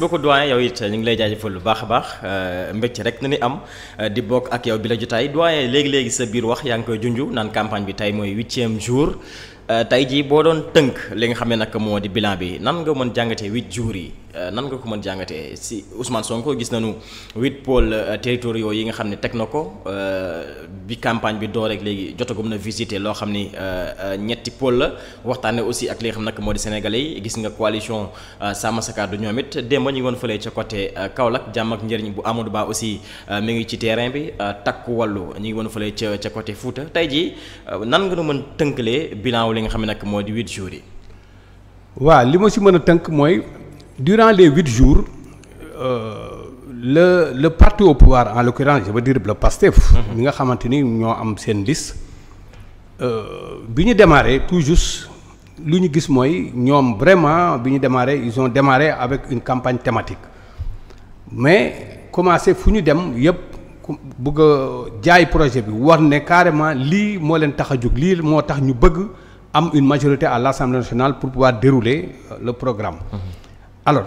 beaucoup doyen yow it ñu ngi lay jaajëfal lu baax a baax euh, mbégte rek na ni am euh, di bokk ak yow bi la jotaay doyen léegi-léegi sa biir wax yaa ngi koy junj naan campagne bi tey mooy huitième jour euh, tey jii boo doon tënk li nga xamee ne nag moo di bilan bi nan nga mën jàngatee huit jours yi Euh, nan nga ko mën jàngatee si Ousmane Sonko gis nañu huit pôles euh, territoriaux yi nga xam ne teg na ko euh, bi campagne bi door rek léegi jotagum na visiter loo xam ni ñetti pôle la waxtaanee aussi ak li nga moo di Sénégalais yi gis nga coalition Sàmm Sa Kàddu ñoom it démb ñu woon fële ca côté Kaolack jàmm ak njëriñ bu Amadou baa aussi mi ngi ci terrain bi takku wàllu ñu ngi woon fële ca ca côté Fouta tey jii nan nga nu mën tënkalee bilan li nga xam ne nag moo di huit jours durant les huit jours euh, le le parti au pouvoir en l'occurrence je veux dire le PASTEF. bi nga xamante ni ñoo am seen liste. Euh, bi ñu démarré tout juste lu ñu gis mooy ñoom vraiment bi ñu démarré ils ont démarré avec une campagne thématique mais commencé fu ñu dem yëpp bëgg a jaay projet bi wax ne carrément lii moo leen tax a jóg lii moo tax ñu bëgg am une majorité à l'Assemblée nationale pour pouvoir dérouler euh, le programme. Mm-hmm. alors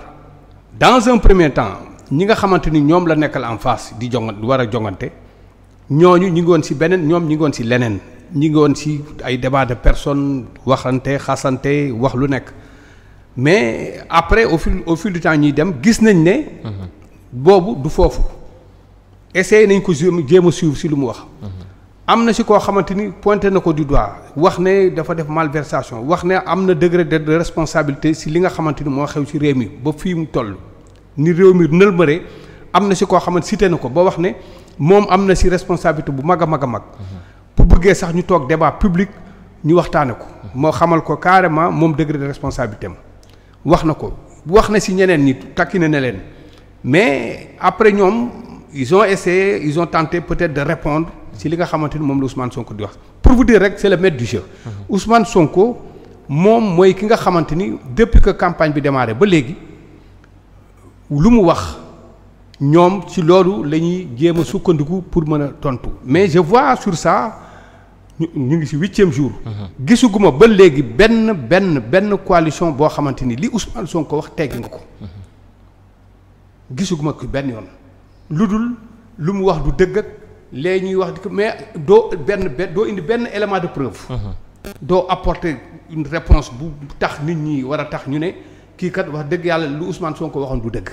dans un premier temps ñi nga xamante ni ñoom la nekkal en face di jonga war a jongante ñooñu ñi ngi woon ci beneen ñoom ñi ngi woon ci leneen ñi ngi woon ci ay débat de personne waxante xasante wax lu nekk mais après au fil au fil temps ñuy dem gis nañ ne. Mhm. boobu du foofu. essayé nañ ko jéem a suivre ci lu mu wax. Mhm. am na si koo xamante ni pointé na ko du doigt wax ne dafa def malversation wax ne am na degré de responsabilité si li nga xamante ni moo xew ci réew mi ba fii mu toll ni réew mi nëlmëre am na si koo xamante cité na ko ba wax ne moom am na si responsabilité bu mag a mag a mag bu bëggee sax ñu toog débat public ñu waxtaane ko moo xamal ko carrément moom degré de responsabilité am wax na ko wax na si ñeneen nit takki na ne leen mais après ñoom ils ont essayé ils ont tenté peut-être de répondre ci li nga xamante ni moom la Ousmane Sonko di wax pour vous dire rek c'est le maître du jeu. Mhm. Ousmane Sonko moom mooy ki nga xamante ni depuis que campagne bi démarré ba léegi lu mu wax ñoom ci loolu la ñuy jéem a sukkandiku pour mën a tontu mais je vois sur ça. ñu ngi si huitième jour. Mhm. gisuguma ba léegi benn benn benn coalition boo xamante ni li Ousmane Sonko wax teggi nga ko. Mhm. gisuguma ko benn yoon. lu dul lu mu wax du dëgg léegi ñuy wax di mais doo benn doo indi benn élément de preuve. Mhm. doo apporter une réponse bu tax nit ñi war a tax ñu ne kii kat wax dëgg yàlla lu Ousmane ko waxoon du dëgg.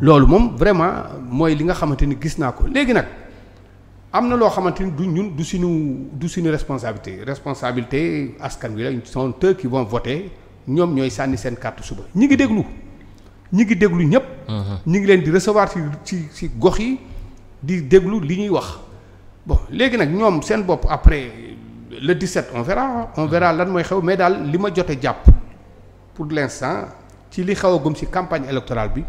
loolu moom vraiment mooy li nga xamante ni gis naa ko léegi nag am na loo xamante ni du ñun du suñu du suñu responsabilité responsabilité askan wi la soon eux qui vont voter ñoom ñooy sànni seen carte suba ñi ngi déglu ñi ngi déglu ñëpp. Mhm. ñi ngi leen di recevoir ci si ci gox yi. di déglu li ñuy wax bon léegi nag ñoom seen bopp après le 17 on verra on verra lan mooy xew mais daal li ma jote jàpp pour l'instant ci li xew a gum ci campagne électorale bi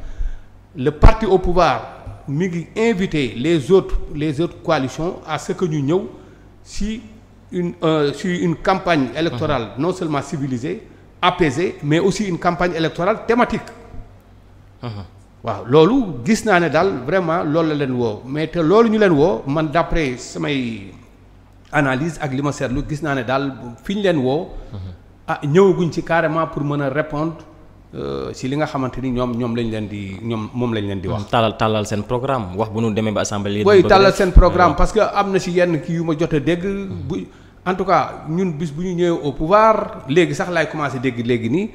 le parti au pouvoir mi ngi invité les autres les autres coalitions à ce que ñu ñëw si une euh, sur une campagne électorale non seulement civilisée apaisée mais aussi une campagne électorale thématique uh -huh. waaw loolu gis naa ne daal vraiment loolu la leen woo mais te loolu ñu leen woo man d'après samay analyse ak li ma seetlu gis naa ne daal fi ñu leen woo. ah ñëwaguñ ci carrément pour mën a répondre si euh, li nga xamante ni ñoom ñoom lañ leen di ñoom moom lañ leen di wax. tàllal tàllal seen programme wax bu nu demee ba assemblée. booy tàllal seen programme parce que am na si yenn kii yu ma jot a dégg. bu en tout cas ñun bis bu ñu ñëwee au pouvoir léegi sax laay commencer dégg léegi nii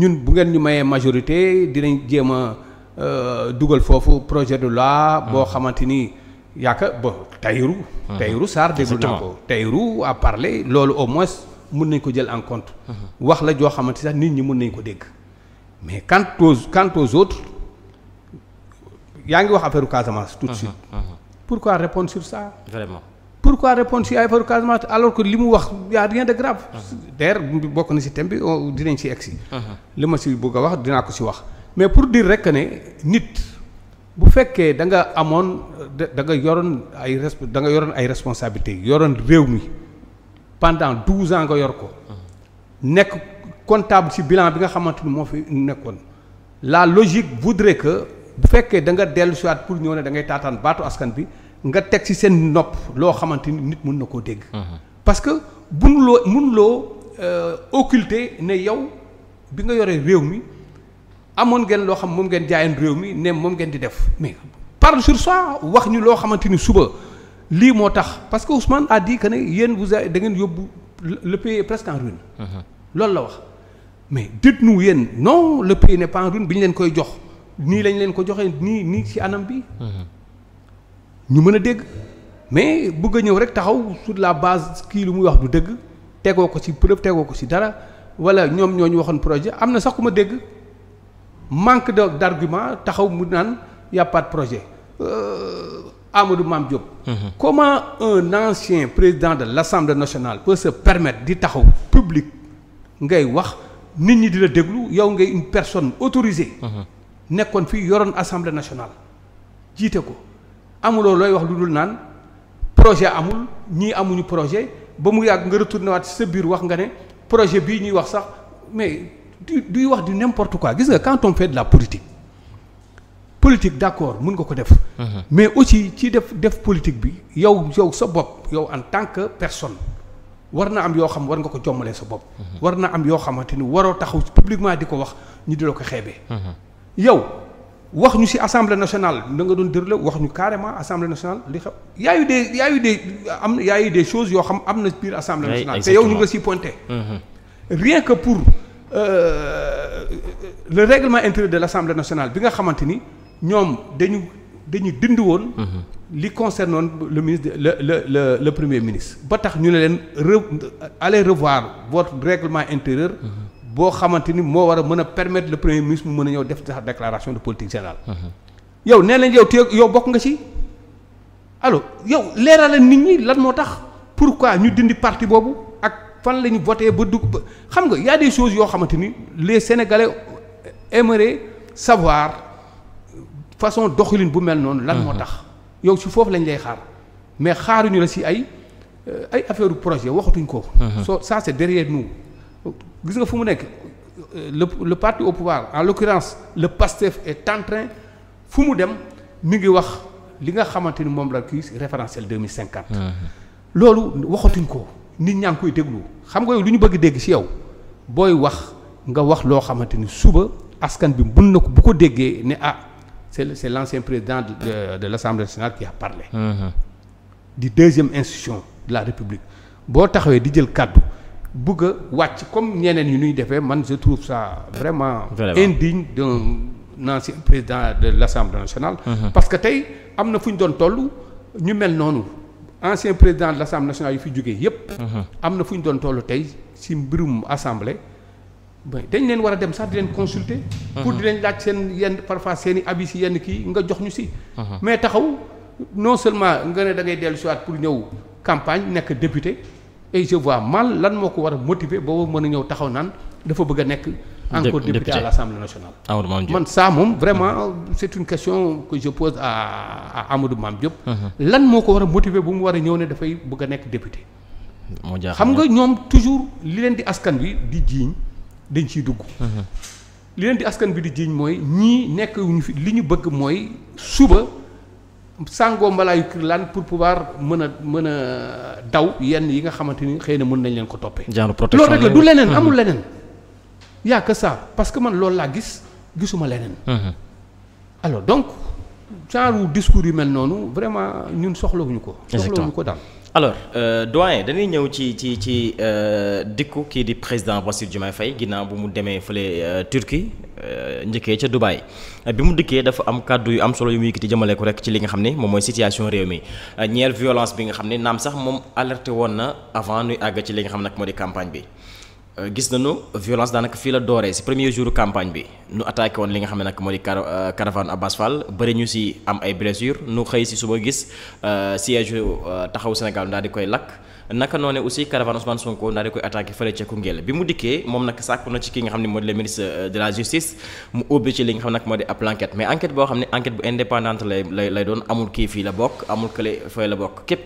ñun bu ngeen ñu mayee majorité dinañ jéem a. Euh, dugal foofu projet de loi ah. boo xamante ni yaaka ba Tahirou ah. Tahirou Sarr déglu naa ko Tahirou a loolu au moins mun nañ ko jël en compte ah. wax la joo xamante sax nit ñi mun nañ ko dégg mais quant aux quant yaa ngi wax affaire Casamance tout de suite pourquoi répondre sur ça vraiment pourquoi répondre si affaire Casamance alors que li mu wax y a rien de grave d'ailleurs bokk na si thème bi oh, dinañ si egg si li ma si bëgg a wax dinaa ko si wax mais pour dire rek ne nit bu fekkee da nga amoon da nga yoroon ay da nga yoroon ay responsabilités yoroon réew mi pendant douze ans nga yor ko nekk comptable ci bilan bi nga xamante ni moo fi nekkoon la logique voudrait que bu fekkee da nga dellu siwaat pour ñëw ne da ngay taataan baatu askan bi nga teg ci seen nopp loo xamante ni nit mën na koo dégg parce que bunu loo mun loo euh, ne yow bi nga yoree réew mi amoon ngeen loo xam moom ngeen jaayoon réew mi ne moom ngeen di def mais parle sur soi wax ñu loo xamante ni suba lii moo tax parce que Ousmane a dit que ne yéen vous da ngeen yóbbu le pays presque en ruine. Uh-huh. loolu la wax mais dites nu yéen non le pays n'est pas en ruine bi ñu leen koy jox nii lañ leen ko joxee nii nii ci anam bi. Uh-huh. ñu mën a dégg mais bëgg a ñëw rek taxaw sur la base kii lu muy wax du dëgg tegoo ko ci preuve tegoo ko ci dara wala ñoom ñoo ñu waxoon projet am na sax ku ma dégg. manque de d'argument taxaw mu naan y a pas de projet euh, Amadou Mame Diop. Mhm. comment un ancien président de l'Assemblée nationale peut sa permettre di taxaw public ngay wax nit ñi di la déglu yow ngay une personne autorisée. Mhm. nekkoon fii yoroon assemblée nationale jiite ko amuloo looy wax lu dul naan projet amul ñii amuñu projet ba mu yàgg nga retourné waat sa biir wax nga ne projet bii ñuy wax sax mais. du duy wax du n'importe quoi gis nga quand on la politique politique d'accord mën nga ko def. Mhm. mais aussi ci def def politique bi yow yow sa bopp yow en tant que personne war na am yoo xam war nga ko jommalee sa bopp. Mhm. war na am yoo xamante ni waroo taxaw publiquement di ko wax ñu di la ko xeebee. Mhm. yow wax ñu si assemblée nationale da nga doon déroulé wax ñu carrément assemblée nationale li xam y a eu des y a am na y a eu des yoo xam am na biir assemblée nationale. te yow ñu Euh, le réglement intérieur de l'Assemblée nationale bi nga xamante ni ñoom dañu dañu dindi woon. Mhm. li concernoon le ministre le le le le premier ministre. ba tax ñu ne leen re allez revoir votre règlement intérieur. Mhm. boo xamante ni moo war a mën a permettre le premier ministre mu mën a ñëw def sa déclaration de politique générale. Mhm. yow nee nañ yow te yow bokk nga ci. alors yow leeralal nit ñi lan moo tax pourquoi ñu dindi partie boobu. fan la ñu voté ba dugg ba xam nga y a des yoo xamante ni les sénégalais aimeraient savoir façon doxalin bu mel noonu. lan moo tax yow si foofu lañ lay xaar mais xaaruñu la si ay euh, ay affaire projet waxatuñ ko. soo ça c'est derrière nous gis nga fu mu nekk euh, le le parti au pouvoir en l'occurrence le PASTEF est en fu mu dem mu ngi wax li nga xamante ni moom la kii référentiel 2050. loolu waxatuñ ko. nit ñaa ngi koy déglu xam nga yow lu ñu bëgg dégg ci yow booy wax nga wax loo xamante ni suba askan bi mun na ko bu ko déggee ne ah c'est c'est l'ancien président de de l'Assemblée nationale qui a parlé. Mm-hmm. di deuxième institution de la République boo taxawee di jël kàddu bëgg a wàcc comme ñeneen yi ñuy defee man je trouve ça vraiment. vraiment indigne d'un ancien président de l'Assemblée nationale. Mm-hmm. parce que tey am na fu ñu doon toll ñu mel noonu. ancien président de l'Assemblée nationale yu fi jógee yépp mhm. am na fu ñu doon tollu tey ci mbirum assemblée ba dañ leen war a dem sax di leen consulter mhm. pour di leen laaj seen yenn parfois seeni i avis ci yenn kii nga jox ñu si mhm. mais taxaw non seulement nga ne da ngay dellu siwaat pour ñëw campagne nekk député et je vois mal lan moo ko war a motiver boobu mën a ñëw taxaw naan dafa bëgg a nekk encore député à l'Assemblée nationale. Amadou ah, Mame Diop man ça moom vraiment c'est une question que je pose à à Amadou Mame lan moo ko war a motiver bu mu war a ñëw ne dafay bëgg a nekk député. xam nga ñoom toujours li leen di askan bi di jiiñ dañ ci dugg. li leen di askan bi di jiiñ mooy ñii nekk ñu fi li ñu bëgg mooy suba sàngoo mbalaayu lan pour pouvoir mën a mën a daw yenn yi nga xamante ni xëy na mën nañ leen ko toppee. genre protection loolu du leneen amul leneen. y a que parce que man loolu laa gis gisuma leneen. Mhm. alors donc genre discours yu mel noonu vraiment ñun soxlawuñu ko. soxlawuñu ko daal. alors euh, doyen dañuy ñëw ci ci ci euh, dikku kii di président Bassirou Diomaye Faye ginnaaw bu mu demee fële euh, Turquie njëkkee ca Dubaï bi mu dikkee dafa am kàddu yu am solo yu muy yëkkati jëmale ko rek ci li nga xam ni moom mooy situation réew mi ñeel violence bi nga xam ne naam sax moom alerte woon na avant nuy àgg ci li nga xam nag moo di campagne bi. Euh, gis nañu violence daanaka fii la dooree si premier jour campagne bi nu attaqué woon li nga xam ne nag moo di euh, caravane Abass Fall ñu si am ay blessures nu xëy si suba gis euh, siège taxaw Sénégal bi mu dikkee moom nag sàkku na ci ki nga xam ne moo di le ministre de la justice mu ubbi ci li nga xam ne nag moo di ab mais enquête boo xam ne enquête bu indépendante lay lay doon amul kii fii la bokk amul kële fay la bokk